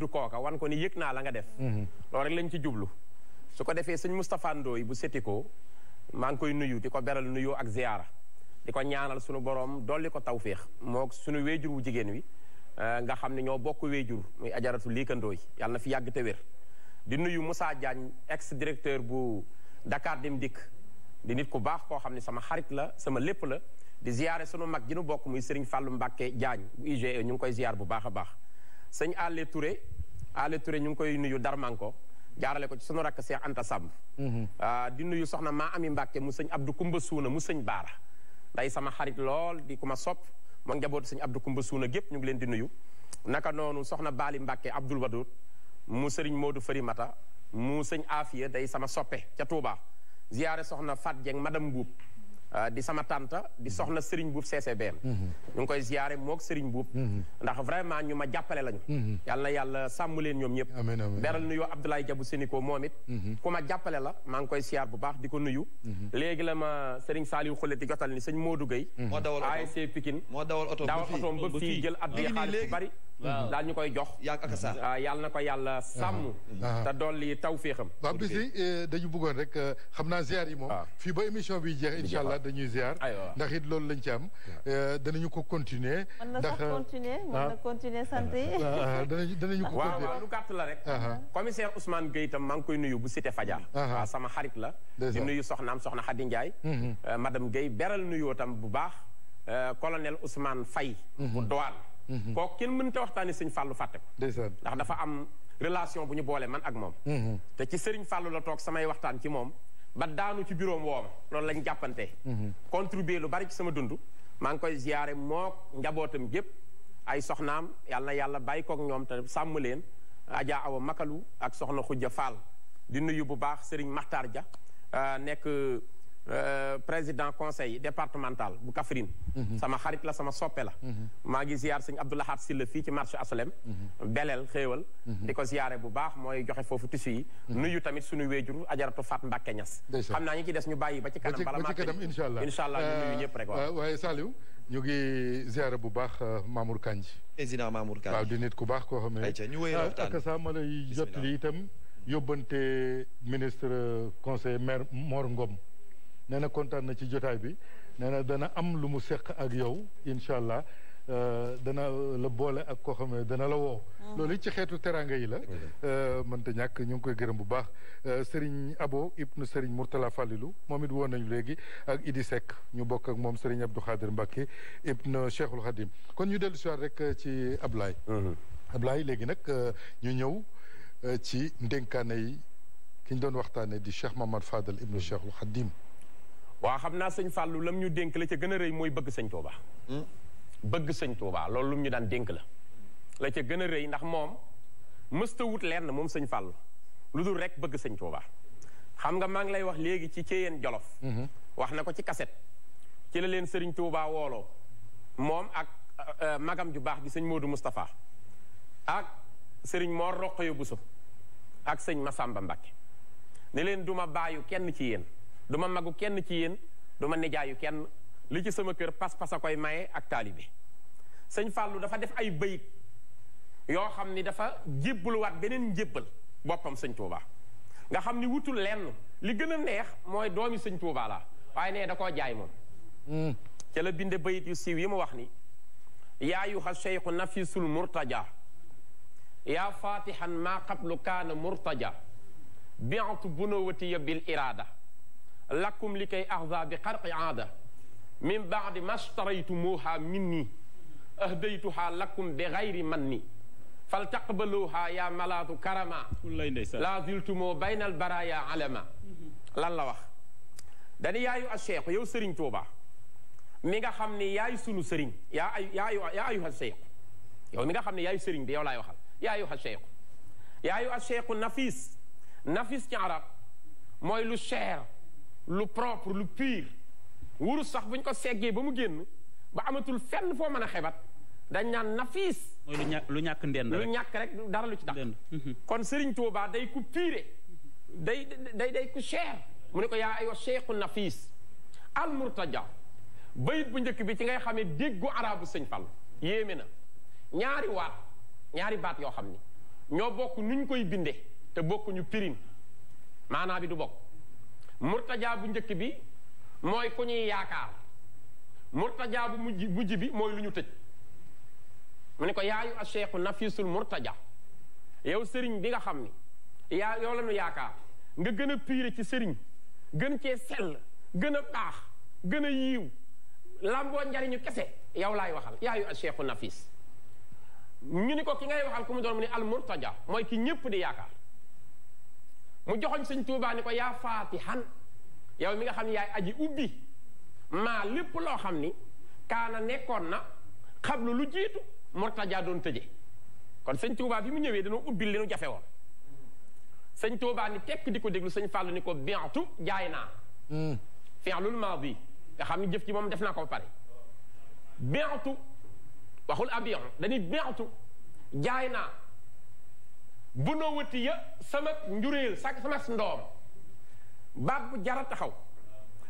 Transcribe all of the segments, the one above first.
du kooka wan ko ni yëg naa la nga def mhm. loolu rek lañ ci jublu su ko defee sëñ Moustapha Ndoye bu setikoo maa ngi koy nuyu di ko beral nuyoo ak ziyaara di ko ñaanal suñu borom dolli ko tawféex moog suñu wéejur wu jigéen wi eh, nga xam ne ñoo bokk wéejur muy ajaratu liikandooy yàlla na fi yàgg te wér di nuyu Moussa jaañ ex directeur bu dakaar dim Dikk di nit ku baax koo xam ne sama xarit la sama lépp la di ziyaare sunu mag ji nu bokk muy Serigne Fallou Mbacke Diagne bu IGE ñu bu baax a baax sëñ Allé Touré Allé Touré ñu ngi koy nuyu Darmanko jaarale ko ci sunu rakk Cheikh Anta Samb mm-hmm. ah, di nuyu soxna maa ami Mbàkke mu sëñ Abdou Kumba Suuna mu sëñ Baara nday sama xarit lool di ku ma sopp moo njaboot sëñ Abdou Kumba Suuna gépp ñu ngi leen di nuyu naka noonu soxna Baali Mbàkke Abdoul Wadoud mu sëriñ Moodu mata mu sëñ Afiya day sama soppe ca Touba ziyaare soxna Fat Dieng madame Mbuub Euh, di sama tànta di mhm. soxna Serigne Boub CCBM mhm. ñu ngi koy ziyaare mook Serigne Boub mhm. ndax vraiment ñu ma jàppale lañu yàlla na yàlla sàmm leen ñoom ñëpp beral nuyoo Abdoulaye Diabou Séniko moom ku ma jàppale la maa ngi koy ziyaar bu baax di ko nuyu léegi la ma Serigne Saliou Khoule di jotal ni sëñ Modou Gueye moo dawal oto ASC Pikine dawal oto ba fii jël at bi xaalis bu bari daal ñu koy jox yaag ak sa ah, yàlla na ko yàlla sàmm ah, ah. te dolli taw féexam waaw bis yi eh, dañu bëggoon rek eh, xam naa ziar yi moom fii ba émission bi jeex incha allah dañuy ziar ndax it loolu lañ ci am eh, danañu ko continuer ndax continuer mën na continuer sant yi danañu danañu ko continuer waaw lu gàtt la rek commissaire Ousmane Gueye tam maa ngi koy nuyu bu cité Fadia waaw sama xarit la di nuyu soxnaam soxna Khady Ndiaye mm-hmm. madame Gueye beral nuyoo tam bu baax colonel Ousmane Faye mm-hmm. bu Douane Mm-hmm. kooku kenn mënut a waxtaanee sëñ Fallou fàtte ko. ndax dafa am relation bu ñu boolee man ak moom. Mm-hmm. te ci sëriñ Fallou la toog samay waxtaan ci moom ba daanu ci bureau woom loolu lañ jàppante. Mm-hmm. contribuer lu bari ci sama dund. maa ngi koy ziyaare mook njabootam gépp ay soxnaam yàlla yàlla bàyyi kook ñoom te sàmm leen. Adja Awa Makalu ak soxna Khoudia Fall di nuyu bu baax sëriñ Makhtar ja euh, nekk. Euh, président conseil départemental bu Kaffrine mhm. sama xarit la sama soppe la mhm. maa ngi ziyaar sëñ Abdou Lahad Sylla fii ci marché aslem mhm. beleel xéewal di ko ziyaare bu baax mooy joxe foofu tissu yi nuyu tamit suñu wéejur ajaratu Fat Mbacke Niass xam naa ñu ci des ñu bàyyi ba ci kanam bala ma incha allah incha allah ñu nuyu ñëpp rek euh, ngi ziyaare bu baax euh, Mamour Kandji président Mamour Kandji waaw di nit ku baax koo xam ne ñu wéy ah, sa ma lay jot li itam yóbbante ministre conseil maire Mor Ngom nee na kontaan na ci jotaay bi nee na dana am lu mu seq ak yow incha allah euh, dana la boole ak koo xam ne dana la woo. Mm-hmm. loolu ci xeetu teraanga yi la. Mm-hmm. Euh, mënta ñàkk ñu ngi koy gërëm bu baax. Euh, Serigne Abo ibnu Serigne Mourtala Fallilu moom it woon nañu léegi ak Idi Seck ñu bokk moom Serigne Abdou Khadir Mbacke ibnu Cheikhul Khadim kon ñu dellu si rek ci Ablaye. Mm-hmm. Ablaye léegi nag ñu ñëw ci ndénkaane yi ki ñu doon waxtaanee di Cheikh Mamad Fadel ibnu Cheikhul Khadim. waa xam naa sëñ Fallou lam ñu dénk la ca gën a rëy mooy bëgg sëñ Touba. Hmm? bëgg sëñ Touba loolu lum ñu daan dénk la. la ca gën a rëy ndax moom mësta wut lenn moom sëñ Fallou lu dul rek bëgg sëñ Touba. xam nga maa ngi lay wax léegi ci Ceyeen Jolof. Hmm. wax na ko ci kaset ci la leen sëriñ Touba wooloo moom ak euh, euh, magam ju baax bi sëñ Modou Moustapha ak sëriñ Mor Roqayo Bousso ak sëñ Massamba Mbacke ne leen duma bàyyu kenn ci du ma magu kenn ci yéen du ma nijaayu kenn li ci sama kër pas-pas a koy maye ak taalibe sëñ fàllu dafa def ay bayit yoo xam ni dafa jébbaluwaat beneen njébbal boppam sëñ Touba nga xam ni wutul lenn li gën a neex mooy doomi sëñ Touba la waaye nee da koo jaay moom hmm. ca la binde bayit yu siiw yi mu wax ni yaayuha cheikhu nafisul murtaja yaa fatihan maa qablu kaana murtaja biatu bunawatiya bil irada lakum li kay axda bi xarqi aada min baadi mastaraytumuha minni ahdaytuha lakum bi gayri manni fal taqbaluha ya malaatu karama la ziltumoo bayna al baraya alama lan la wax dani yaayu a cheikh yow sëriñ Tuuba mi nga xam ne yaay sunu sëriñ yaa ay yaayu yaa ayu a cheikh yow mi nga xam ne yaayu sëriñ bi yow laay waxal yaayu a cheikh yaayu a cheikh nafis nafis ci arab mooy lu cher lu propre lu pur wuru sax buñ ko seggee ba mu génn ba amatul fenn foo mën a xebat dañ naan nafiis lu ñàkk ndend lu ñàkk rek dara lu ci tax mhm. kon Serigne Touba day ku pire day day day ku cher mu ne ko yaa aywa cheikhu nafiis al murtaja bayit bu njëkk bi ci ngay xamee déggu arabu sëñ fal yéeme na ñaari waat ñaari baat yoo xam ni ñoo bokk nuñ koy bindee te bokkuñu pirin maanaa bi du bokk murtajaa bu njëkk bi mooy ku ñuy yaakaar murtajaa bu mujj mujj bi mooy lu ñu tëj mu ne ko yaayu a cheikhu nafisul murtaja yow sëriñ bi nga xam ni yaa yow la ñu yaakaar nga gën a piire ci sëriñ gën cee sell gën a baax gën a yiiw lamboo njariñu kese yow laay waxal yaayu a cheikhu nafis ñu ni ko ki ngay waxal ku mu doon mu ne al murtaja mooy ki ñépp di yaakaar mu joxoñ sëñ Tuubaa ko yaa faatihan yow mi nga xam ne yaay aji ubbi maa lépp loo xam ni kaana nekkoon na xablu lu jiitu murtajaa doon tëje kon sëñ Tuubaa bi mu ñëwee dañoo ubbi li nu jafe woon sëñ Tuubaa tekk di ko déglu sëñ Fàllu ni ko bientu jaay naa hmm. fi'lul maadi nga xam ni jëf ci moom def naa ko ba pare bientu waxul abion dañuy bientu jaay naa bu noo wëti ya sama njuréel sa sama ndoom baat bu jara taxaw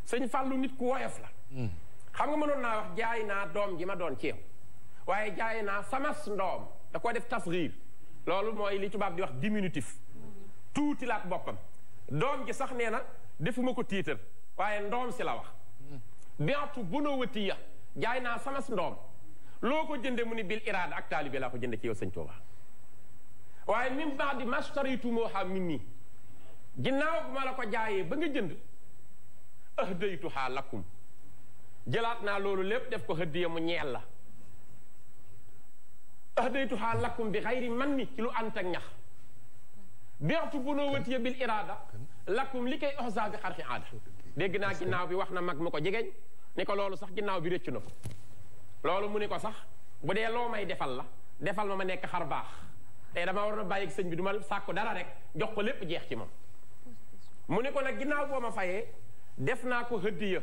sëñ fàllu nit ku woyof la mm. xam nga mënoon naa wax jaay naa doom ji ma doon ci yow waaye jaay naa samas ndoom da koo def tasxiir loolu mooy li tubaab di wax diminutif tuuti laat boppam doom ji sax nee na defuma ko tiitar waaye ndoom si la wax mm. biatu bu noo wëti ya jaay naa samas ndoom loo ko jënde mu ni bil iraada ak taalibe laa ko jënde ci yow sëñ Tuubaa waaye min ba'di mastaraytumuha minni ginnaaw bu ma la ko jaayee ba nga jënd ahdaytuha lakum jëlaat naa loolu lépp def ko hëddiya mu ñeel la ahdaytuha lakum bi xayri man ni ci lu ànd ak ñax beextu bunawatiya bil irada lakum li koy oxsa bi xarfi aada dégg naa ginnaaw bi wax na mag mu ko jegeñ ni ko loolu sax ginnaaw bi rëccu na ko loolu mu ni ko sax bu dee loo may defal la defal ma ma nekk xar baax te damaa war na bàyyi sëñ bi duma ma sàkku dara rek jox ko lépp jeex ci moom mu ne ko nag ginnaaw boo ma fayee def naa ko hëddiya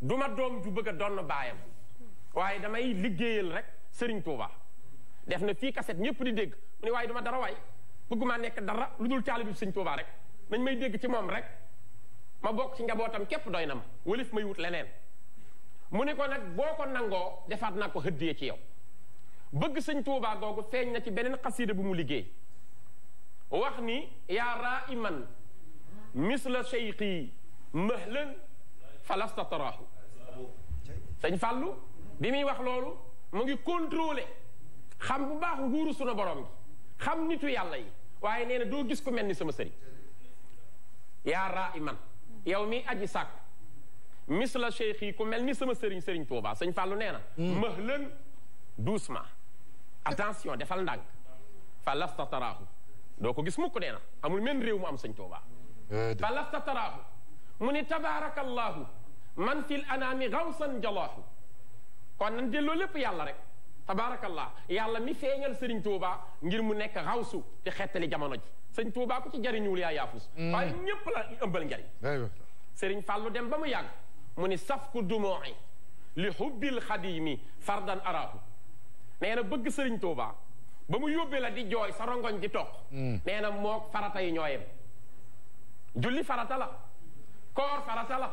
du ma doom ju bëgg a donn baayam waaye damay liggéeyal rek sëriñ Tuuba def na fii kaset ñëpp di dégg mu ne waaye du ma dara waay bëgguma nekk dara lu dul bi sëñ Tuuba rek nañ may dégg ci moom rek ma bokk ci njabootam képp doy na ma walif may wut leneen mu ne ko nag boo ko nangoo defaat naa ko hëddiya ci yow bëgg sëñ Tuubaa googu feeñ na ci beneen xasiida bu mu liggéey wax ni yaa raiman misla cheyqi mahlan falasta taraahu sëñ fàllu bi muy wax loolu mu ngi contrôlé xam bu baax nguuru sunu borom gi xam nitu yàlla yi waaye nee na doo gis ku mel ni sama sëriñ yaa raiman yow mi aji sàkk misla cheyqi ku mel ni sama sëriñ sëriñ Tuubaa sëñ fàllu nee na mm. mahlan doucement attention defal ndànk fa taraahu doo ko gis amul men réew mu am sëñ Tuuba fa lasta taraahu mu ni tabaarakallahu man fil anaami gawsan jalaahu kon nan delloo lépp yàlla rek tabaarakallah yàlla mi feeñal sëriñ Tuuba ngir mu nekk xawsu di xettali jamono ji sëñ Tuuba ci jariñuwul yaa yaafus mm. waaye ñépp la njariñ sëriñ Fàllu dem ba mu yàgg mu ni saf ku li hubbil xadimi fardan araahu nee na bëgg sëriñ Touba ba mu yóbbee la di jooy sa rongoñ di toq mm. nee na moo farata yi ñooyem julli farata la koor farata la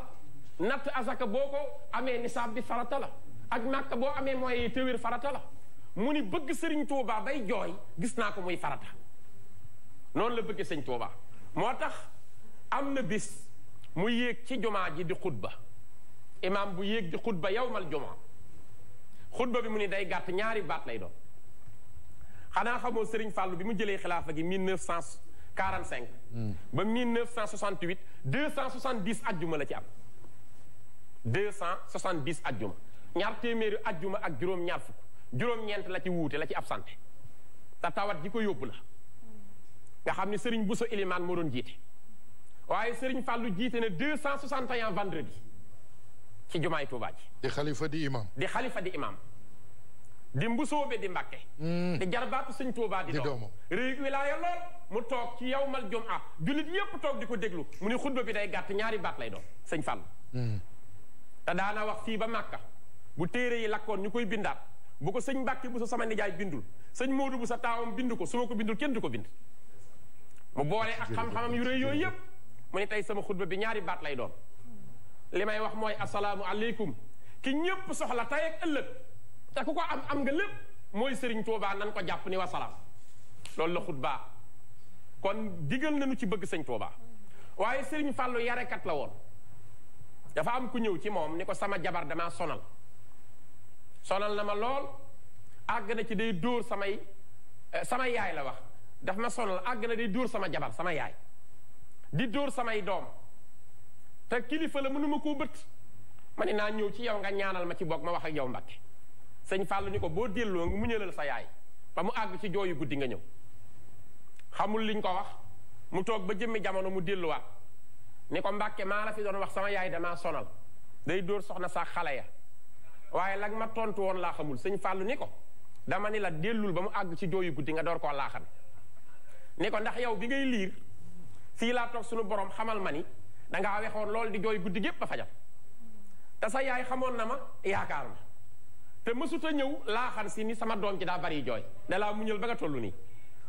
natt asaka boo ko amee nisaab bi farata la ak màkk boo amee mooy téwér farata la mu ni bëgg sëriñ Touba bay jooy gis naa ko muy farata noonu la bëgg sëriñ Touba moo tax am na bis mu yéeg ci jumaa ji di xutba imaam bu yéeg di xutba mal jumaa xutba bi mu ni day gàtt ñaari baat lay doon xanaa xamoo Serigne Fallou bi mu jëlee xilaafa gi 1945. Hmm. ba 1968 270 ajjuma la ci am 270 ajjuma ñaar téeméeri ajjuma ak juróom-ñaar fukk juróom-ñeent la ci wuute la ci ab te tawat ji ko yóbbu la nga xam ne Serigne Bousso Ilimane moo doon jiite waaye Serigne Fallou jiite ne 261 vendredi. ci jumaay Tuubaa ji di xalifa di imam di xalifa di imam di mbusoobe di mbàkke mm. di jarbaatu sëñ Tuubaa di doom réew wilaaya lool mu toog ci yawmal jumaa jullit yépp toog di ko déglu mu ni xutba bi day gàtt ñaari baat lay doom sëñ Fall mm. te daana wax fii ba Màkka bu téere yi lakkoon ñu koy bindaat bu ko sëñ Mbàkke bu sa sama nijaay bindul sëñ Moodu bu sa taawam bind ko su ma ko bindul kenn di ko bind mu boole ak xam-xamam yu rëy yooyu yëpp mu tey sama xutba bi ñaari baat lay doon li may wax mooy asalaamu aleykum ki ñépp soxla tey ak ëllëg te ku ko am am nga lépp mooy sëriñ Tuubaa nan ko jàpp ni wasalaam loolu la xutbaa kon digal nañu ci bëgg sëñ Tuubaa waaye sëriñ Fàllu yarekat la woon dafa am ku ñëw ci moom ni ko sama jabar damaa sonal sonal na ma lool àgg na ci day dóor samay eh, sama yaay la wax daf ma sonal àgg na day dóor sama jabar sama yaay di dóor samay doom te kilifa la mënuma koo bët ma ne naa ñëw ci yow nga ñaanal ma ci bokk ma wax ak yow Mbàkke sëñ Fàllu ñu ko boo delloo nga muñalal sa yaay ba mu àgg ci jooyu guddi nga ñëw xamul liñ ko wax mu toog ba jëmmi jamono mu delluwaat ni ko Mbàkke la fi doon wax sama yaay damaa sonal day dóor soxna sa xale ya waaye lag ma tontu woon laa xamul sëñ Fàllu ni ko dama ni dellul ba mu àgg ci jooyu guddi nga door koo laaxan ni ko ndax yow bi ngay liir fii laa toog suñu borom xamal ma ni dangaa wexoon loolu di jooy guddi gépp a fajal te sa yaay xamoon na ma yaakaar ma te mësuta ñëw laaxan si ni sama doom ji daa bari jooy dalaa muñal ba nga toll nii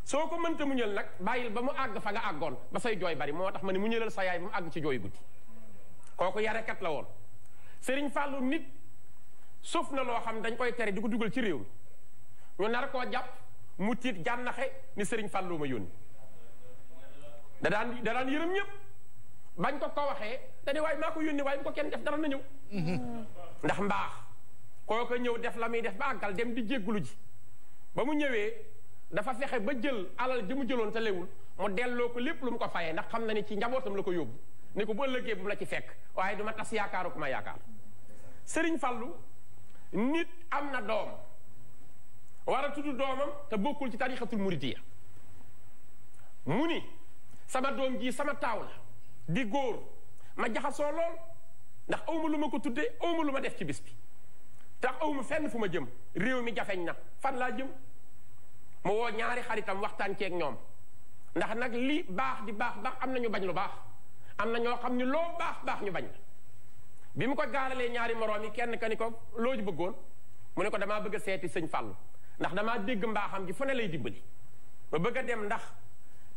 soo ko mënta muñal nag bàyyil ba mu àgg fa nga àggoon ba say jooy bari moo tax ma ne mu muñalal sa yaay ba mu àgg ci jooy guddi kooku yarekat la woon Sëriñ Fàllu nit suuf na loo xam dañ koy tere di ko dugal ci réew mi ñu nar koo jàpp mu tiit jànnaxe ni Sëriñ Fàllu ma yónni da daan da yërëm bañ ko ko waxee te ne waaye maa ko yónni waaye bu ko kenn def dara na ñëw mm-hmm. ndax mbaax kooku ñëw def la muy def ba àggal dem di jéggulu ji ba mu ñëwee dafa fexe ba jël alal bi mu jëloon te lewul mu delloo ko lépp lu mu ko fayee ndax xam na ni ci njabootam la ko yóbbu ni ko bu ëllëgee bu mu la ci fekk waaye du ma tas yaakaaru ku ma yaakaar sëriñ Fallou nit am na doom war a tudd doomam te bokkul ci mu muridiyya mu ni sama doom jii sama taaw la di góor ma jaxasoo lool ndax awma lu ma ko tuddee awma lu ma def ci bis bi tax awma fenn fu ma jëm réew mi jafeñ na fan laa jëm ma woo ñaari xaritam waxtaan ceeg ñoom ndax nag li baax di baax baax am na ñu bañ lu baax am na ñoo xam ni loo baax baax ñu bañ bi mu ko gaanalee ñaari moroom yi kenn ka ni ko loo ji bëggoon mu ne ko damaa bëgg a seeti sëñ Fallou ndax damaa dégg mbaaxam ji fu ne lay dimbali ma bëgg a dem ndax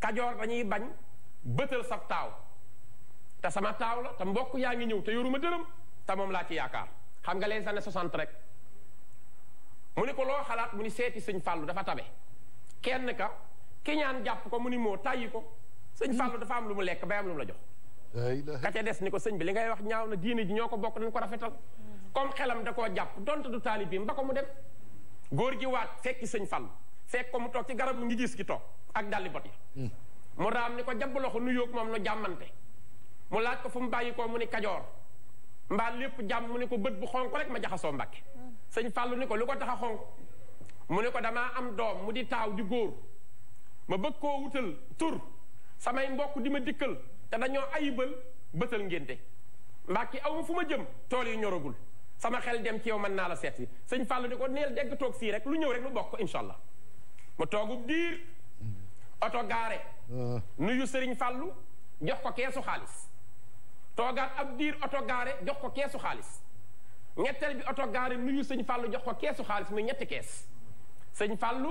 kajoor dañuy bañ bëtël sab taaw te sama taaw la te mbokk yaa ngi ñëw te yoruma dërëm te moom laa ci yaakaar xam nga les années 60 rek mu ni ko loo xalaat mu ni seeti sëñ Fallou dafa tabe kenn ka ki ñaan jàpp ko mu ni moo tàyyi ko sëñ Fallou dafa am lu mu lekk ba am lu mu la jox ka ca ni ko sëñ bi li ngay wax ñaaw na diine ji ñoo ko bokk nañ ko rafetal comme xelam da koo jàpp donte du taalib bi mba ko mu dem góor gi waat fekki sëñ Fallou fekk ko mu toog ci garab lu ngi gis gi toog ak dalli bot ya hmm. mu raam ni ko jabb loxo nu yóog moom nu jàmmante mu laaj ko fu mu bàyyi koo mu ni kajoor mbaa lépp jàmm mu ni ko bët bu xonq rek ma jaxasoo mbàkke sëñ fàllu ni ko lu ko tax a xonk mu ni ko damaa am doom mu di taaw di góor ma bëgg koo wutal tur samay mbokk di ma dikkal te dañoo ayibal bëtal ngénte mbàkke aw ma fu ma jëm tool yi ñoragul sama xel dem ci yow mën naa la seet si sëñ fàllu ni ko neel dégg toog fii rek lu ñëw rek lu bokk incha mu toogub diir oto gaare ah. nuyu sëriñ fàllu jox ko keesu xaalis toogaat ab diir oto gaare jox ko keesu xaalis ñetteel bi oto gaare nuyu sëñ fàllu jox ko keesu xaalis muy ñetti kees sëñ fàllu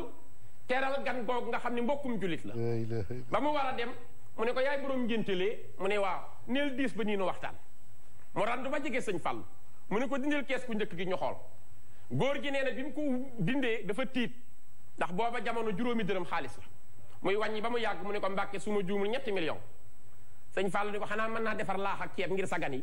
teral gan googu nga xam ne mbokkum jullit la ba mu war a dem mu ne ko yaay boroom ngéntelee mu ne waa neel diis ba nii nu waxtaan mu randu ba jege sëñ fàllu mu ne ko dindil kees ku njëkk gi ñu xool góor gi nee na bi mu ko dindee dafa tiit ndax booba jamono juróomi dërëm xaalis la muy wàññi ba mu yàgg mu ne ko mbàkke su ñetti million sëñ Fall ni ko xanaa mën naa defar laax ak ceeb ngir sagan yi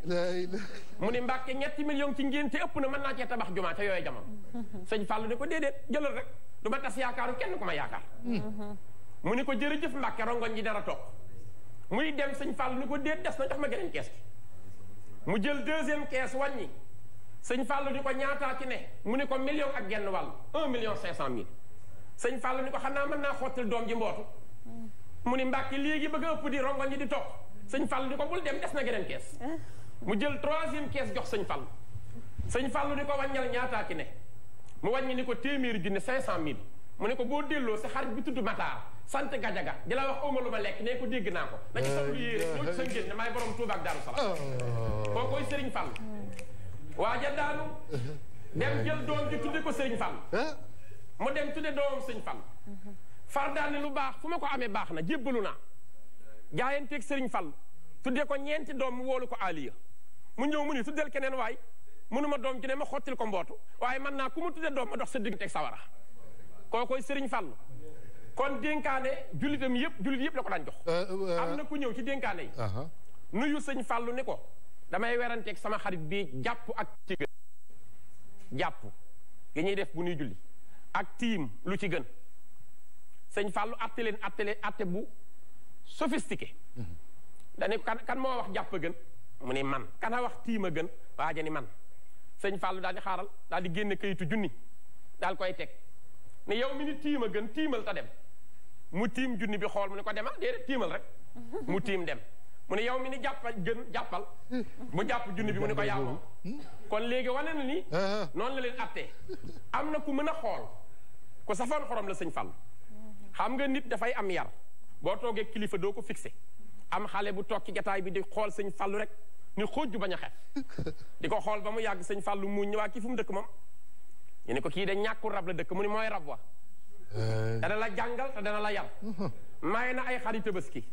mu ni Mbàkke ñetti million ci ngénte ëpp na mën naa cee tabax jumaa ca yooyu jamono sëñ Fall ni ko déedéet jëlal rek du ma tas yaakaaru kenn ku ma yaakaar mm-hmm. mu ni ko jërëjëf Mbàkke rongoñ ji dara toog muy dem sëñ Fall ni ko déet des na jox ma geneen kees mu jël deuxième kees wàññi sëñ Fall ko ñaataa ci ne mu ni ko million ak genn wàll un million cinq cent mille sëñ Fall ni ko xanaa mën naa xottil doom ji mbootu mm. mu ni Mbàkke léegi bëgg a ëpp di rongoñ ji di toog sëñ Fall di ko bul dem des na geneen kees mu jël troisième kees jox sëñ Fall sëñ Fall di ko wàññal ñaataa ci ne mu wàññi ni ko téeméeri junne cinq cent mille mu ne ko boo delloo sa xarit bi tudd Matar sant Gajaga di la wax omalu ma lekk nee ko dégg naa ko nañu sol lu yéere ñoo ci sa ngénne maay borom Touba ak Daaru Salaam oh. koo koy sëriñ Fall waaja mu dem tudde doomam sëñ Fall far daane lu baax fu ma ko amee baax na jébbalu naa jaayanteeg sëriñ Fall tuddee ko ñeenti doom mu wóolu ko Aliya mu ñëw mu ni tuddeel keneen waay mënuma doom ci ne ma xottil ko mbootu waaye man naa ku mu tuddee doom ma dox sa digganteeg sawara koy sëriñ Fall kon dénkaane jullitam yëpp jullit yëpp la ko daan jox. Euh, euh, am na ku ñëw ci dénkaane yi. nuyu sëñ Fallu ni ko damay weranteeg sama xarit bii jàpp ak ci gën. jàpp gi ñuy def bu nuy julli ak tiim lu ci gën sëñ Fallu atte leen atte atte bu. sophistiqué dani kan kan moo wax jàpp gën mu ni man kana a wax tiima gën waaja ni man sëñ Fallou daal di xaaral daal di génne kayitu junni daal koy teg ne yow mi ni tiima gën tiimal ta dem mu tiim junni bi xool mu ni ko demal déedéet tiimal rek mu tiim dem mu ne yow mi ni jàppal gën jàppal mu jàpp junni bi mu ne ko yaa moom kon léegi wane na ni noonu la leen attee am na ku mën a xool ku safoon xorom la sëñ Fallou xam nga nit dafay am yar boo toogee kilifa doo ko fixé am xale bu toog ci jataay bi di xool sëñ fàllu rek ni xóojju bañ a xef di ko xool ba mu yàgg sëñ fàllu mu ñëwaa kii fu mu dëkk moom ñu ne ko kii de ñàkkul rab la dëkk mu ni mooy rab wa te eh. dana la jàngal te dana la yar may na ay xari ki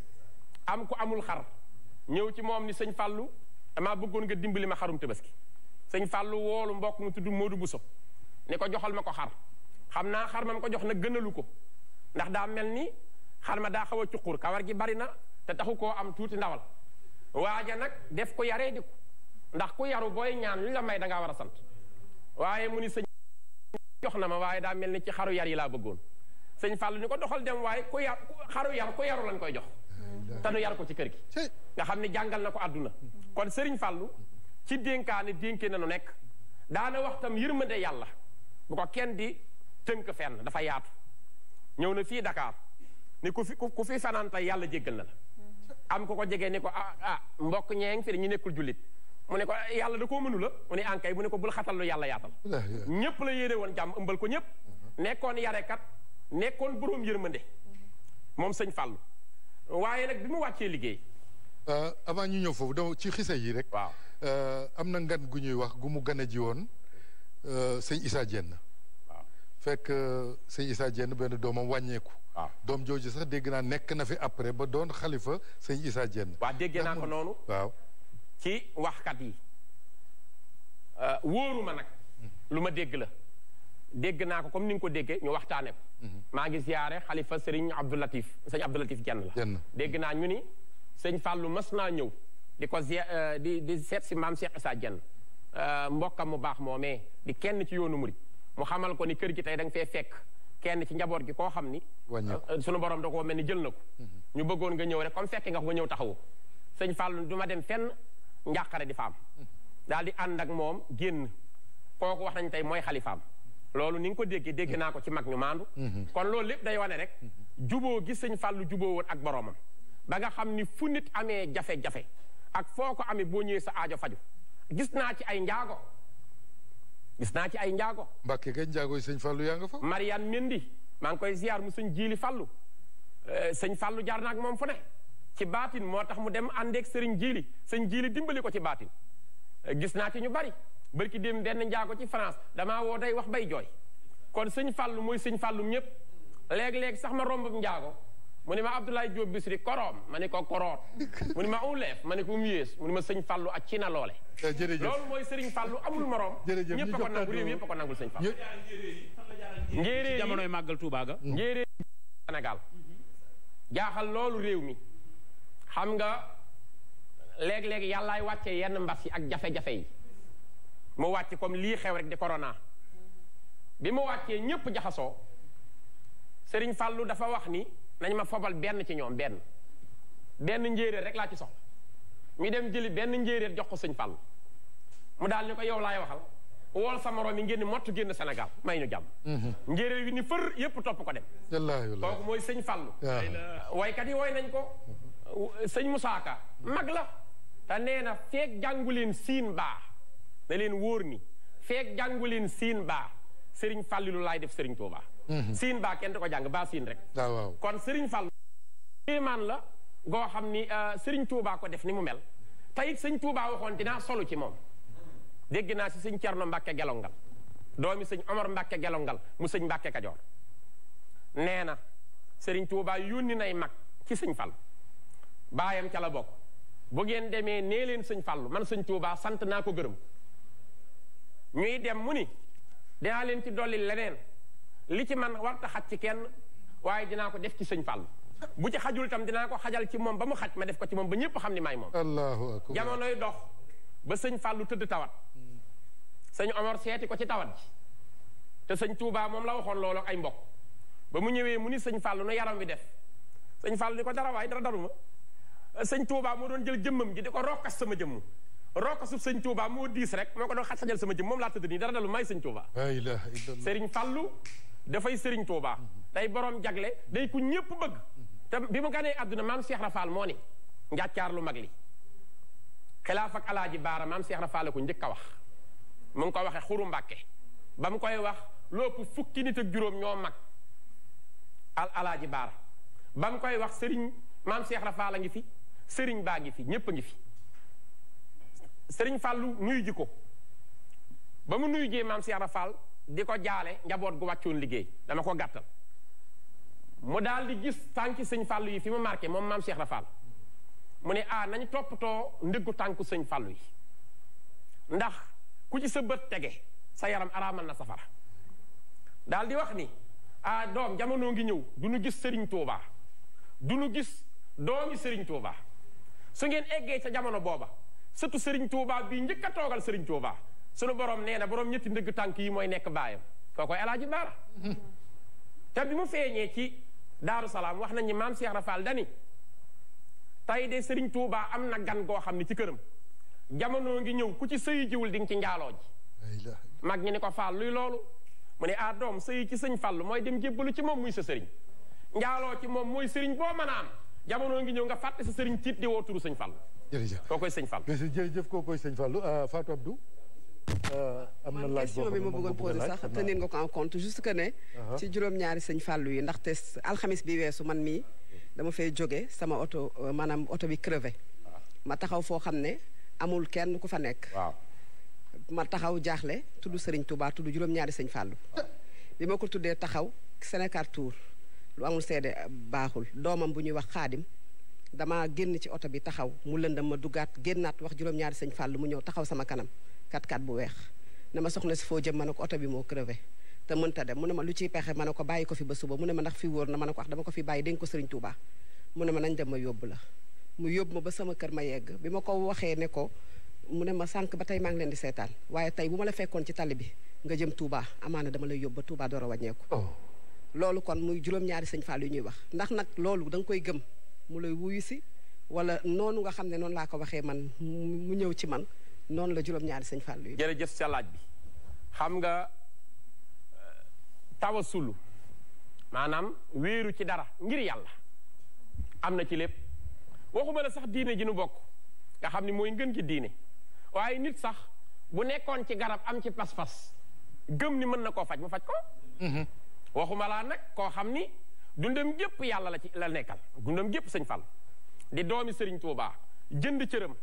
am ku amul xar ñëw ci moom ni sëñ fàllu damaa bëggoon nga dimbali ma xarum ki sëñ fàllu woolu mbokk mu tudd Modou buso ne ko joxal ma ko xar xam naa xar ma ko jox na gënalu ko ndax daa mel ni xar ma daa xaw a cuqur kawar gi bari na te taxu koo am tuuti ndawal waaja nag def ko yaree di ko ndax ku yaru booy ñaan lu la may danga war a sant waaye mu ni sëñ jox na ma waaye daa mel ni ci xaru yar yi laa bëggoon sëñ Fallou ni ko doxal dem waaye ku yar xaru yar ku yaru lañ koy jox te nu yar ko ci kër gi nga xam ne jàngal na ko àdduna kon sëriñ Fallou ci dénkaane dénke na nu nekk daana wax tam yërmande yàlla bu ko kenn di tënk fenn dafa yaatu ñëw na fii dakaar ne ku fi ku fi fanaan tey yàlla jéggal na la am ko ko jegee ne ko ah ah mbokk ñeeng fi dañu nekkul jullit mu ne ko ah, yàlla da koo mënu la mu ne ankay ah, mu ne ko bul xatal lu yàlla yaatal ñépp la yéene woon jàmm ëmbal ko ñépp uh-huh. nekkoon yarekat nekkoon boroom yërmande uh-huh. moom sëñ Fallou waaye nag bi mu wàccee liggéey euh, avant ñu ñëw foofu dama ci xisa yi rek waaw euh, am na ngan gu ñuy wax gu mu gane ji woon euh, sëñ Issa Diène fekk euh, sëñ Issa Diène benn doomam wàññeeku. waaw ah. doom jooju sax dégg naa nekk na fi après ba doon xalifa sëñ Issa Diène. waaw dégg naa ko noonu. waaw ci waxkat yi. Euh, wóoru nag. Mm-hmm. lu ma dégg la. dégg naa ko comme ni nga ko déggee ñu waxtaane ko. Mm-hmm. maa ngi ziare xalifa Serigne Abdoulatif sëñ Abdoulatif Diène la. dégg naa ñu ni sëñ fàllu mas naa ñëw. di ko euh, di di seet si maam Cheikh Issa Diène. mbokkam mu baax moomee di kenn ci yoonu murit mu xamal ko ni kër gi tey da nga fee fekk kenn ci njaboot gi koo xam ni euh, sunu borom da koo mel ni jël na ko mm-hmm. ñu bëggoon nga ñëw rek comme fekk nga ko nga ñëw taxawu sëñ Fallou dem fenn njàqare di faam mm-hmm. daal di ànd ak moom génn kooku wax nañ tey mooy xalifaam loolu ni nga ko déggee dégg mm-hmm. naa ko ci mag ñu maandu kon loolu lépp day wane rek juboo gi sëñ Fallou juboo woon ak boromam ba nga xam ni fu nit amee jafe-jafe ak foo ko amee boo ñëwee sa aajo faju gis naa ci ay njaago gis naa ci ay njaago Mbàkke kay njaago yi sëñ Fallou yaa nga fa Mariane Mendy maa ngi koy ziar mu sëñ Jiili Fallou euh, sëñ Fallou jaar naak moom fu ne ci baatin moo tax mu dem àndeeg sëriñ Jiili sëñ Jiili dimbali ko ci baatin euh, gis naa ci ñu bari bari ki dem benn njaago ci France damaa woo day wax bay jooy kon sëñ Fallou mooy sëñ Fallou ñëpp léeg-léeg sax ma rombam njaago mu ni ma Abdoulaye Diop Bichri koroom ma ni ko koroot mu ni ma uleef ma ni ko muyees mu ni ma sëñ Fallou ak ci na loole eh, loolu mooy sëriñ Fallou amul morom ñëpp a ko nangul réew yëpp a ko nangul sëñ Fallou njéeréer yi jamonoy màggal jaaxal loolu réew mi xam nga léeg-léeg yàllaay wàcce yenn mbas ak jafe-jafe yi mu wàcc comme lii xew rek di corona bi mu wàccee ñëpp jaxasoo sëriñ Fallou dafa wax ni nañ ma fobal benn ci ñoom benn benn njéeréer rek laa ci soxla ñu dem jëli benn njéeréer jox ko sëñ Fall mu daal ni ko yow laay waxal wool sama moroom yi ngeen ni mottu génn Sénégal may ñu jàmm mhm. njéeréer yi ni fër yépp topp ko dem kooku mooy sëñ Fall waykat yi wooy nañ ko mhm. sëñ Moussa Ka mag la te nee na feeg jàngu siin baa na leen wóor ni feeg jàngu siin baa sëriñ Fallilu laay def sëriñ Tuubaa Mhm. siin baa kenn ko jàng baa siin rek ah, kon sëriñ fal man la goo xam ni euh, Serigne Touba ko def ni mu mel tey sëñ Touba waxoon dinaa solu ci moom dégg naa si sëñ Cerno Mbàkke gelongal doomi sëñ Omar Mbàkke gelongal mu sëñ Mbàkke Kajoor nee sëriñ Serigne Touba yónni nay mag ci sëñ Fall baayam ca la bokk bu ngeen demee nee leen sëñ Fallu man sëñ Touba sant naa ko gërëm ñuy dem mu ni dinaa leen ci dolli leneen li ci man war ta xaj ci kenn waaye dinaa ko def ci sëñ Fall bu ci xajul tam dinaa ko xajal ci moom ba mu xaj ma def ko ci moom ba ñëpp xam ni maay moom allahu akbar jamonoy dox ba sëñ Fallu tëdd tawat sëñ Omar seeti ko ci tawat te sëñ Touba moom la waxoon loolu ay mbokk ba mu ñëwee mu ni sëñ Fallu nu yaram wi def sëñ Fallu ni ko dara waaye dara daruma sëñ moo doon jël jëmmam ji di ko rokkas sama jëmm rokkasub sëñ Touba moo diis rek moo ko doon xaj xajal sama jëmm laa tëdd nii dara dalu may sëñ Touba la sëriñ Fallu dafay sëriñ Touba day boroom jagle day ku ñëpp bëgg bi mu ganee àdduna maam seex Rafaal moo ni njàccaar lu mag li xilaaf ak alaaji baara maam Cheikh Rafaal la ko njëkk a wax mu ngi ko waxee xuru Mbàkke ba mu koy wax lopp fukki nit ak juróom ñoo mag al alaaji baara ba mu koy wax sëriñ maam seex Rafaal a ngi fi sëriñ baa ngi fi ñépp a ngi fi sëriñ Fàllu nuyu ji ko ba mu nuyu maam Cheikh Rafaal di ko jaale njaboot gu wàccoon liggéey dama ko gàttal mu daldi gis tànki sëñ fàllu yi fi mu marqué moom maam Cheikh Rafal mu ne ah nañ toppatoo ndiggu tànku sëñ fal yi ndax ku ci sa bët tege sa yaram araamal na safara daal di wax ni ah doom jamono ngi ñëw du ñu gis sëriñ Touba du ñu gis doomi sëriñ Touba su ngeen eggee sa jamono booba surtout sëriñ Touba bii njëkk a toogal sëriñ Touba sunu borom nee na boroom ñetti ndëgg tànk yi mooy nekk baayam kookoy alaaji baara te bi mu feeñee ci daaru salaam wax nañ ñi maam Cheikh Rafal dani tey de sëriñ Touba am na gan goo xam ne ci këram jamonoo ngi ñëw ku ci sëyi jiwul di ci njaaloo ji mag ñi ni ko faal luy loolu mu ne ah doom sëyi ci sëñ Fallu mooy dem jébbalu ci moom muy sa sëriñ njaaloo ci moom mooy sëriñ boo mën a am jamono ngi ñëw nga fàtte sa sëriñ tiit di woo turu sëñ Fallu koo koy sëñ Fallu jërëjëf koo koy sëñ Fallu euh, Fatou Euh, am na laaj question bi ma bëggoon posé sax tenir nga ko en compte juste que ne. Uh-huh. ci juróom-ñaari sëñ yi ndaxte alxamis bi weesu man mii dama fay jóge sama oto euh, maanaam oto bi crevé. Uh-huh. ma taxaw foo xam ne amul kenn ku fa nekk. ma taxaw jaaxle tudd Serigne Touba tudd juróom-ñaari sëñ Fallou. bi ma ko tuddee taxaw Sénégal Tour lu amul seede euh, baaxul doomam bu ñuy wax xaadim dama génn ci oto bi taxaw mu lëndam ma duggaat génnaat wax juróom-ñaari sëñ Fallou mu ñëw taxaw sama kanam. 4x4 bu weex ne ma soxna si foo jëm ma ne ko oto bi moo crevé te mënta dem mu ne ma lu ciy pexe ma ne ko bàyyi ko fi ba suba mu ne ma ndax fi wóor na ma ne ko wax dama ko fi bàyyi dénk ko Serigne Touba mu ne ma nañ dem ma yóbbu la mu yóbbu ma ba sama kër ma yegg bi ma ko waxee ne ko mu ne ma sànq ba tey maa ngi leen di seetaan waaye tey bu ma la fekkoon ci tali bi nga jëm Touba amaana dama lay yóbbu ba Touba door a wàññeeku oh. loolu kon muy juróom-ñaari sëñ Fall ñuy wax ndax nag loolu da nga koy gëm mu lay wuyu si wala noonu nga xam ne noonu laa ko waxee man mu ñëw ci man noonu la juróom-ñaari sëñ Fallou yi. jërëjëf sa salaaj bi xam nga euh, tawasulu maanaam wéeru ci dara ngir yàlla am na ci lépp waxuma la sax diine ji nu bokk nga xam ni mooy ngën ci diine waaye nit sax bu nekkoon ci garab am ci pas-pas gëm ni mën na koo faj mu faj ko. Mhm. waxuma laa nag koo xam ni dundam gépp yàlla la ci la nekkal dundam gépp sëñ Fall di doomi Sëriñ Tuubaa jënd cëram.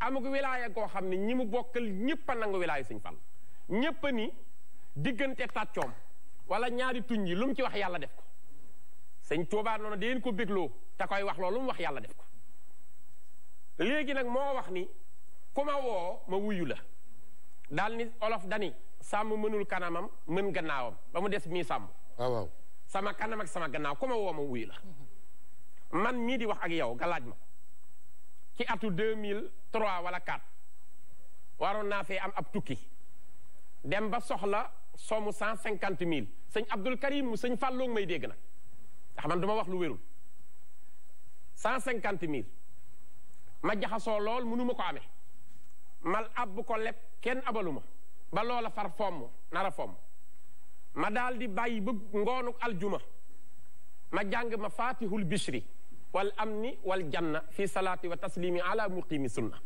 amuk wilaaya koo xam ne ñi mu bokkal ñëpp a nangu wilaaya sëñ Fall ñëpp a ni diggante tàccoom wala ñaari tuñ yi lu mu ci wax yàlla def ko sëñ Tuubaa noonu deen ko bégloo te koy wax loolu mu wax yàlla def ko léegi nag moo wax ni ku ma woo ma wuyu la daal ni olof dani sàmm mënul kanamam mën gannaawam ba mu des mii sàmm sama kanam ak sama gannaaw ku ma woo ma wuyu la man mii di wax ak yow galaaj ma ci atu 2003 wala 4 waroon naa fee am ab tukki dem ba soxla soomu cent cinquante mille sëñ Abdul Karim mu sëñ Fàlloo may dégg nag ndax man du wax lu wérul cent cinquante mille ma jaxasoo lool mënuma ko amee mal ab ko leb kenn abaluma ba loola far fomm nara fomm ma daal di bàyyi ba ngoonu aljuma ma jàng ma faatihul bishri wal amni wal janna fi salaati wa taslimi ala muqimi sunna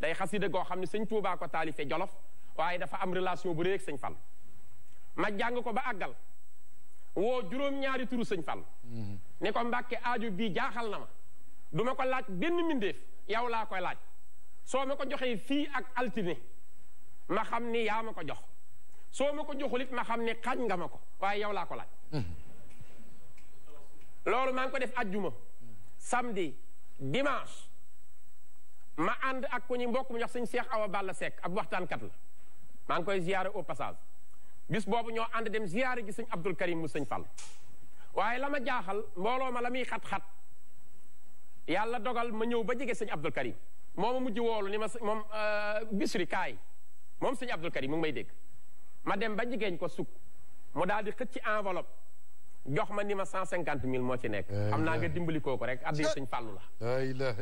day xasida goo xam ne sëñ Tuubaa ko taalife jolof waaye dafa am relation bu réeg sëñ Fall ma jàng ko ba àggal woo juróom-ñaari turu sëñ Fall mm-hmm. ne ko Mbàkke aaju bii jaaxal na ma du ma ko laaj benn mbindéef yow laa koy laaj soo ma ko joxee fii ak altine ma xam ni yaa ma ko jox soo ma ko joxulit ma xam ne xaaj nga ma ko waaye yow laa ko laaj mm-hmm. loolu maa ngi ko def ajjuma samdi dimanche ma ànd ak ku ñu mbokk mu ñox sëñ Cheikh Awa Balla Seck ab waxtaankat la maa ngi koy ziyaare au passage bis boobu ñoo ànd dem ziyaare gi sëñ Abdul Karim mu sëñ fal waaye la ma jaaxal mbooloo ma la muy xat-xat yàlla dogal ma ñëw ba jege sëñ Abdul Karim moo ma mujj woolu ni ma moom euh, bisri kaay moom sëñ Abdul Karim mu may dégg ma dem ba jigéen ko sukk moo daal di xëcc enveloppe jox ma ni ma cent cinquante mille moo ci nekk xam naa nga dimbali kooku rek addi sëñ fàllu la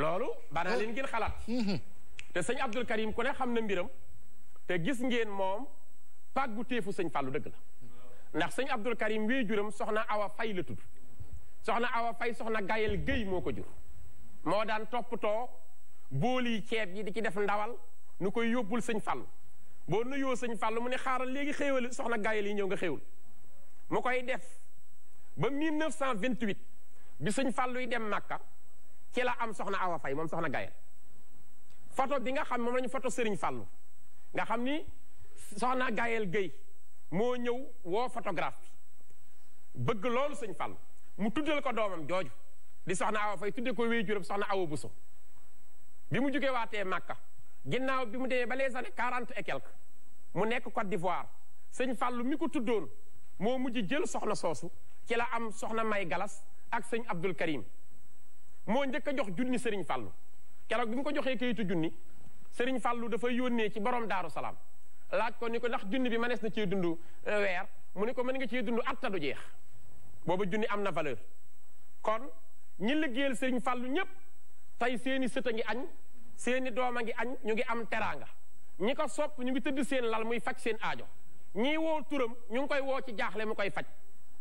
loolu bana leen ngeen xalaat mm-hmm. te sëñ Abdul Karim ku ne xam na mbiram te gis ngeen moom pàggu téefu sëñ fàllu dëgg la ndax sëñ Abdul Karim wii juram soxna Awa Fay la tudd soxna Awa Fay soxna Gayel Géy moo ko jur moo daan toppatoo booli ceeb yi di ci def ndawal nu koy yóbbul sëñ fàllu boo nuyoo sëñ fàllu mu ne xaaral léegi xéewal soxna Gayel yi ñëw nga xéewul mu koy def ba 1928 bi sëñ Fàlluy dem Màkka ci la am soxna Awa Fay moom soxna Gaye photo bi nga xam moom lañu ñu photo Sëriñ Fàllu nga xam ni soxna Gayel Gueye moo ñëw woo photographe bi bëgg loolu sëñ Fàllu mu tuddal ko doomam jooju di soxna Awa Fay tudde ko wéy juróom soxna Awa Buso bi mu jugee waatee Màkka ginnaaw bi mu demee ba les années quarante et quelque mu nekk Côte d'Ivoire sëñ Fàllu mi ko tuddoon moo mujj jël soxna soosu ci la am soxna May Galas ak sëñ Abdul Karim moo njëkk a jox junni sëriñ Fallou keroog bi mu ko joxee kayitu junni Serigne Fallou dafa yónnee ci borom Daaru Salaam laaj ko ni ko ndax junni bi manees na cee dundu euh, weer mu ne ko mën nga cee dund at ta jeex booba junni am na valeur kon ñi liggéeyal Serigne fallu ñëpp tey seeni sët a ngi añ seeni doom a ngi añ ñu ngi am teraanga ñi ko sopp ñu ngi tëdd seen lal muy faj seen aajo ñii woo turam ñu ngi koy woo ci jaaxle mu koy faj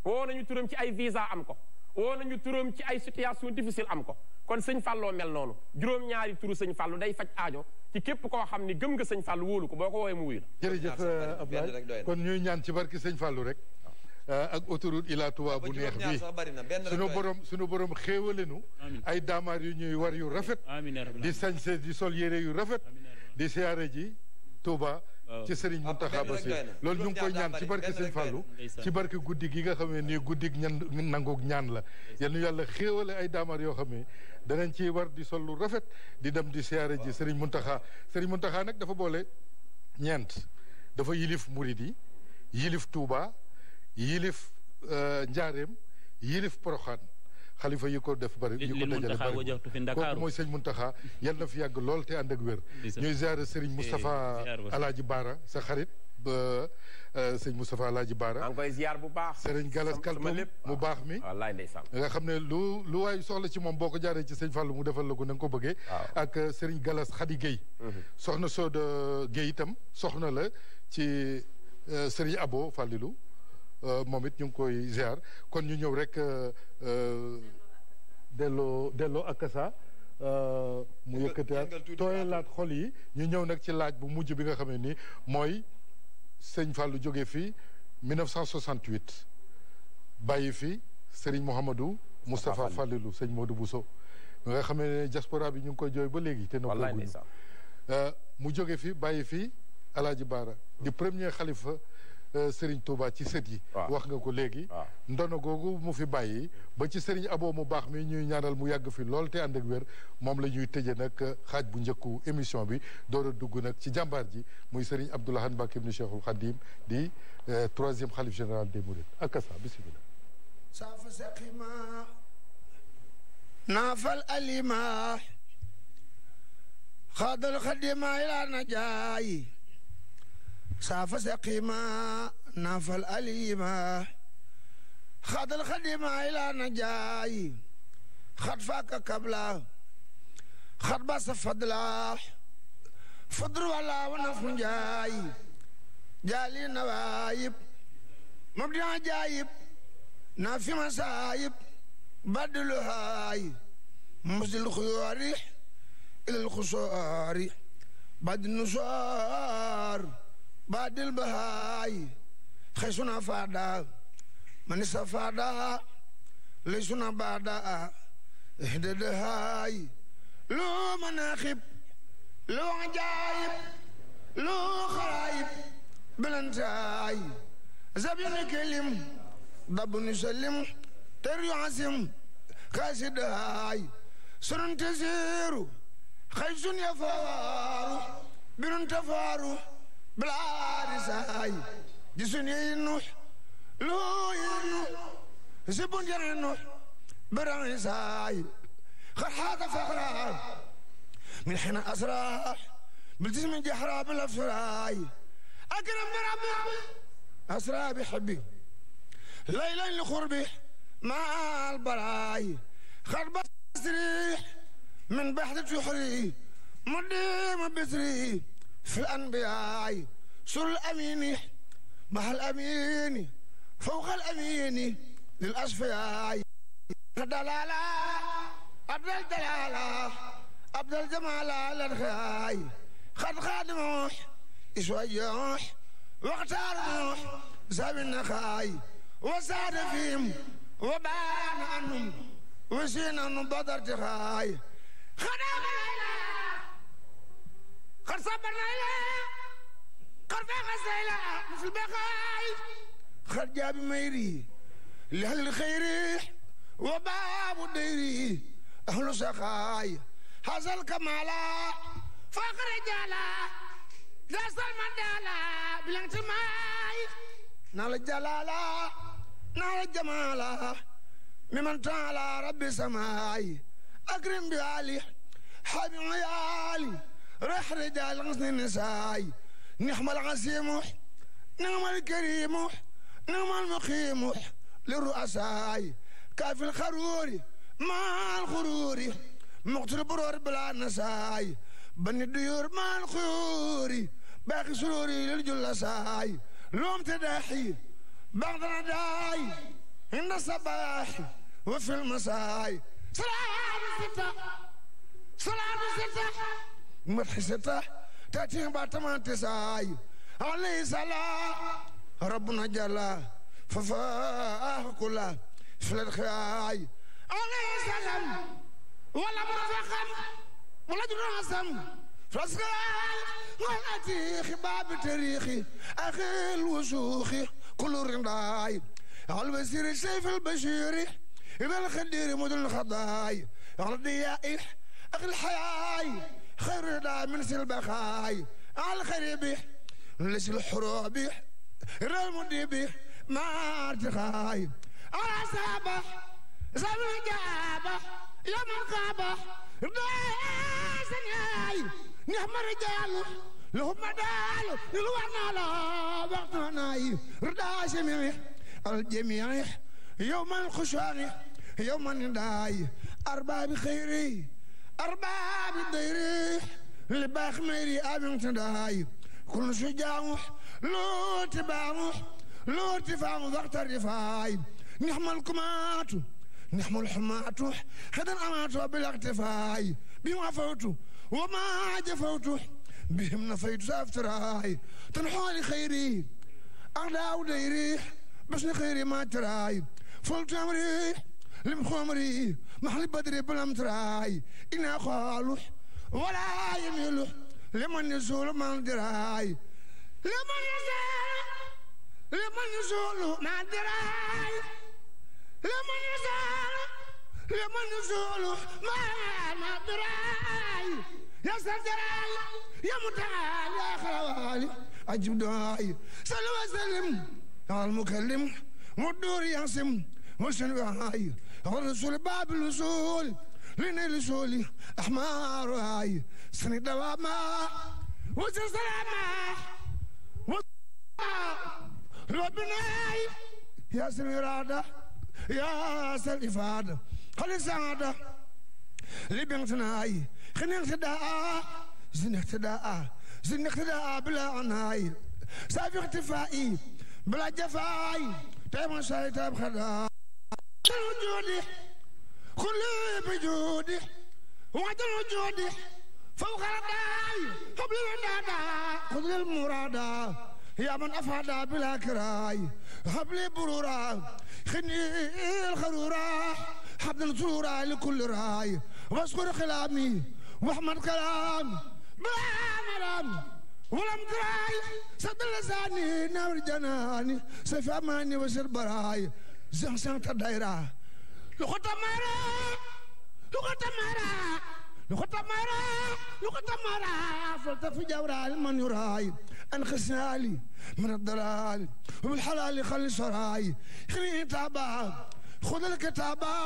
woo nañu turam ci ay visa am ko woo nañu turam ci ay situation difficile am ko kon sëñ fàlloo mel noonu juróom-ñaari turu sëñ fàllu day faj aajo ci képp koo xam ni gëm nga sëñ fàllu wóolu ko boo ko woowee mu wuyu la jërëjëf euh, Ablaye kon ñuy ñaan ci barki sëñ fàllu rek euh, ak autoroute ila Touba bu neex bi suñu borom suñu borom xéewalenu ay daamaar yu ñuy war yu rafet di se di sol yére yu rafet di siyaare ji Touba ci Serigne Mountakha Bassir loolu ñu ngi koy ñaan ci barke Serigne Fallou ci barke guddi gi nga xamee nii guddi ñan nangoog ñaan la yal na yàlla xéewale ay daamar yoo xamee danañ ci war di sol lu rafet di dem di siyaare ji Serigne Mountakha Serigne Mountakha nag dafa boole ñeent dafa yilif murid yilif tuuba yilif euh, Njaareem yilif Porokhane xalifa yi ko def bari yi ko dajale bari kooku mooy sëñ Muntaxa yal na fi yàgg lool te ànd ak wér ñuy ziare Serigne eh, Moustapha Alaaji Baara sa xarit ba euh, sëñ Moustapha Alaaji Baara maa ngi koy bu baax Serigne Galas Kaltoum mu baax mi wallaay ndeysaan nga xam ne lu lu waay soxla ci moom boo ko jaaree ci sëñ Fallou mu defal la ko na nga ko bëggee ak euh, sëriñ Galas Khady Guèye mhm. soxna Soda Guèye itam soxna la ci euh, Serigne Abo Fallilou Euh, moom it ñu ngi koy ziar kon ñu ñëw rek euh, euh, delloo delloo akasa mu yëkkati tooyalaat xol yi ñu ñëw nag ci laaj bu mujj bi nga xam ne nii mooy sëñ Fallou jóge fi 1968 bàyyi fi Serigne Mouhamadou Moustapha Fallilou sëñ Modou Bousso nga xam ne diaspora bi ñu ngi koy jooy ba léegi te noppaguñu mu jóge fi bàyyi fi Alaaji Baara di premier xalifa Euh, Serigne Touba ci sët yi wax nga ko léegi ndono googu mu fi bàyyi ba ci sëriñ Abo mu baax mi ñuy ñaanal mu yàgg fi lool te ànd ak wér moom la ñuy tëje nag euh, xaaj bu njëkku émission bi door a dugg nag ci jàmbaar ji muy Serigne Abdou Lahad Mbacké ibn Cheikhul Khadim di euh, troisième xalif général des Mourides ak kasa bismillah saafa saqima naafal alima xaadal xadima ila najaayi ساف سقيما ناف الأليما خاد الخديم إلى نجاي خد فاك قبلا خد بس فضلا فضر ولا ونف جاي جالي نوايب مبدع جايب نافي مسايب بدل هاي مثل الخيار إلى الخسار بدل النصار baadil bahaayi xesuna faadaa manisa faadaa leysuna baadaa ihdadahaayi loo manaaxib loo ajaayib loo xaraayib belantaay zabini kelim dabuni salim teryu asim kaasidaay surun tasiiru xaysun yafaaru birun tafaaru بلا رساي جسني نوح لو نوح زبون يا نوح برا رساي خرحات فقرا من حين أسراح بالجسم جحرا بالأفسراي أكرم بربي أسرى بحبي ليلا لقربي مع البراي خربت سريح من بحر جحري مديم بسري في الأنبياء سر الأمين مع الأمين فوق الأمين للأصفياء دلالة أبدل الدلالة أبدل الجمال على الخياي خد خادموح يسويوح واختارموح زاب النخاي وسعد فيهم وبان عنهم وسين أنهم بدر تخاي خدام الإله خر صبر ليلى خر فاقس ليلى مثل بقال خر جاب ميري لأهل خيري وباب ديري أهل سخاي هذا الكمال فاقر رجالا لا سلمان دالا بلانت ماي نال جلالا نال جمالا ممن تعالى ربي سماي أكرم بعلي حبيب يا علي رح رجال غصن النساي نعم العزيم نعم الكريم نعم المقيم للرؤساء كافي الخرور مع الخرور مقتل برور بلا نساي بني الديور مع الخيور باقي سروري للجلساي لوم تداحي بعض رداي عند الصباح وفي المساء صلاة ستة صلاة ستة مدحسة تاتيهم باتمان تساي عليه سلام ربنا جلا ففاه كلا فلد خاي عليه سلام ولا مرفقا ولا جناسم فسكال غلتي خباب تاريخي أخي الوسوخي كل رنداي الوزير سيف البشيري إذا الخدير مدن الخضاي أرضيائي أخي الحياي خير دام سلبخاي الخريبي ليس الحروبي رمديبي ما ارتخاي على سابة زمن جابة يوم الغابة دايسني نعم رجال لهم دال يلوانا لا وقتنا رداشمي الجميع يوم الخشاني يوم النداي أرباب خيري أرباب الديري لباخ ميري أبن تداي كل شجاع لو تبامح لو ارتفاع ضغط الرفاع نحم الكمات نحم الحمات خدر أمات بالاقتفاع بما فوت وما جفوت بهم نفيت سافتراي تنحو لخيري أغداء ديري بس لخيري ما تراي فلت أمري lim xumri maxli badri balam ina xaalux wala yemilux liman ni suulu man liman ni suulu liman ni suulu man diray liman ni suulu liman ni suulu man diray ya sarjaral ya mutaal ya xalawaali ajib doay sallu wa sallim al mukallim yasim mu sun waay الرسول باب الوصول لين الوصول أحمر هاي سنة دواما وصل سلامة ربنا يا سر إرادة يا سر إفادة خلي سعادة لبنتنا هاي خلي اهتداء زن اهتداء زن اهتداء بلا عناي سافي اختفائي بلا جفاي تيمون شاي تاب خداي وجودي خلي بجودي وعدل وجودي فوق رداي حبل الندى خذ المرادا يا من أفادا بلا كراي حبل برورا خني الخرورا حبل الزورا لكل راي واشكر خلامي واحمد كلام بلا مرام ولم تراي صد لساني نور جناني سيف اماني وسر براي jansan ta dayra luxota mara luxota mara luxota mara luxota mara falta fi jawral man yuray an xisnaali min adalal wa bil halal xali soray xini taba xudal kitaba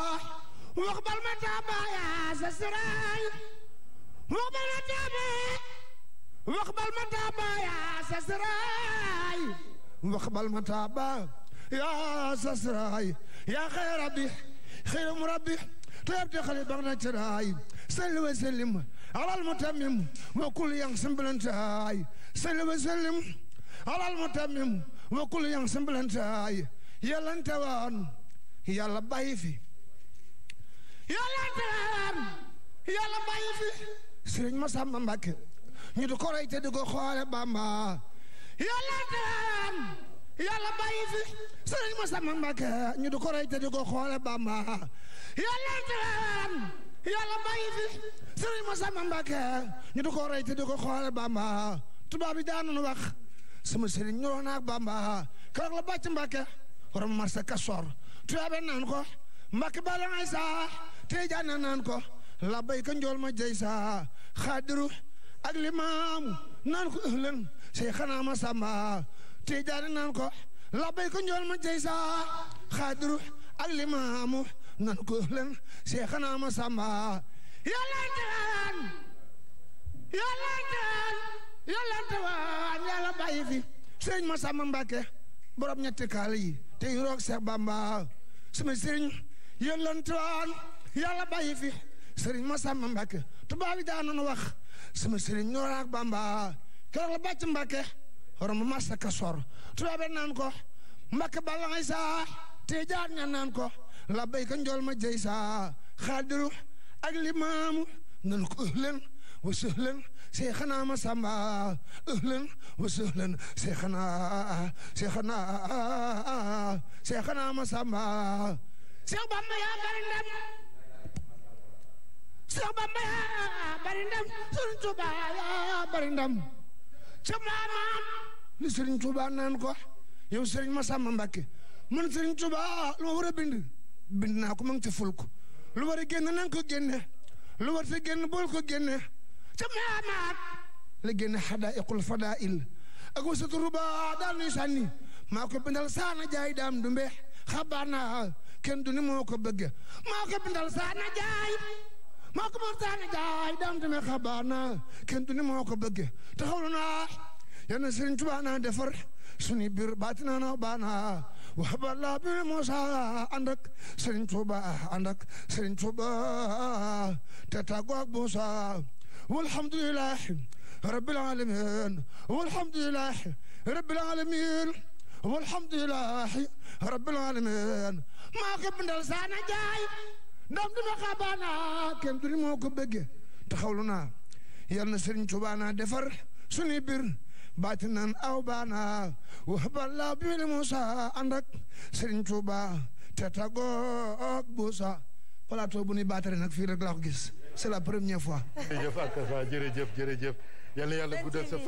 واقبل متابا يا سسراي واقبل متابا واقبل متابا يا سسراي واقبل متابا يا سسراي يا خير ربي خير مربي طيبت خلي بغنا تراي سل وسلم على المتمم وكل ينسم بالانتهاي سل وسلم على المتمم وكل ينسم بالانتهاي يلا انت وان يلا باي في يلا انت وان يلا باي في سيرن ما سام مباك ñu di ko rey te di ko xoole Bamba yàlla yàlla bàyyi fi sëriñ Moussa Mbacke ñu di ko di ko xoole Bamba yàlla teewaan yàlla bàyyi fi sëriñ Moussa Mbacke ñu di ko di ko xoole Bamba tubaab bi daanu wax sama sëriñ ñoroo na ak Bamba keroog la bàcc Mbacke waroon marché Kasoor tuyaaba naan ko Mbacke bala ngay saa tey jaan naan ko la bay ka njool ma jey saa xaadiru ak naan ko ëllëg say xanaa ma Samba tijaani naan ko labay ko njool ma jey saa xaadiru ak limaamu nan ko len seexanaa ma samba yàlla tewaan yàlla tewaan yàlla tewaan yàlla bàyyi fi sëriñ ma samba mbàkke borom ñetti kaal yi te yu roog seex bamba suma sëriñ yàlla tewaan yàlla bàyyi fi sëriñ ma samba mbàkke tubaab yi daa nañu wax suma sëriñ ñoo raak bamba keroog la bàcc mbàkke roma masa ka sor tubaabe naan ko mbakk balla ngay saa te jaar naan ko labbay ka njool ma jey saa xaadiru ak limaamu nan ko ëhlen wa sëhlen seexanaa ma samba ëhlen wa sëhlen seexanaa seexanaa ma samba seex bamba yaa bari ndam seex bamba yaa bari ndam sunu tuubaa yaa bari ndam ca maamaam li Serigne Touba naan ko yow Serigne Massamba Mbacké man Serigne Touba lu war a bind bind naa ko ma ngi ci ful ko lu war a génn na ko génne lu war a génn bool ko génne ca maamaat la génne xadaa'iqul fadaa'il ak wasatu rubaa daal nuy sànni maa ko bindal saana jaay daam du mbeex xabaar naa kenn du ni moo ko bëgg maa ko bindal saana jaay maa ko bindal saana jaay daam du mbeex naa kenn du ni moo ko bëgg taxaw yal na Sëriñ Tuubaa na defar sunu biir baatina na baana wax bala bi Musa ànd ak Sëriñ Tuubaa ànd te tàggoo ak Musa walhamdulillah rabbil alamin walhamdulillah rabbil alamin walhamdulillah rabbil saana jaay ndam ma xabaana kenn du moo ko bëgge taxawlu naa yal na Sëriñ Tuubaa na defar sunu biir batinan aw baana wax balla bil Musa ànd ak Serigne te tagoo Buusa plateau bu nuy baatare nag fii rek laa ko gis c'est la première fois jërëjëf ak jërëjëf jërëjëf yàlla yàlla guddal sa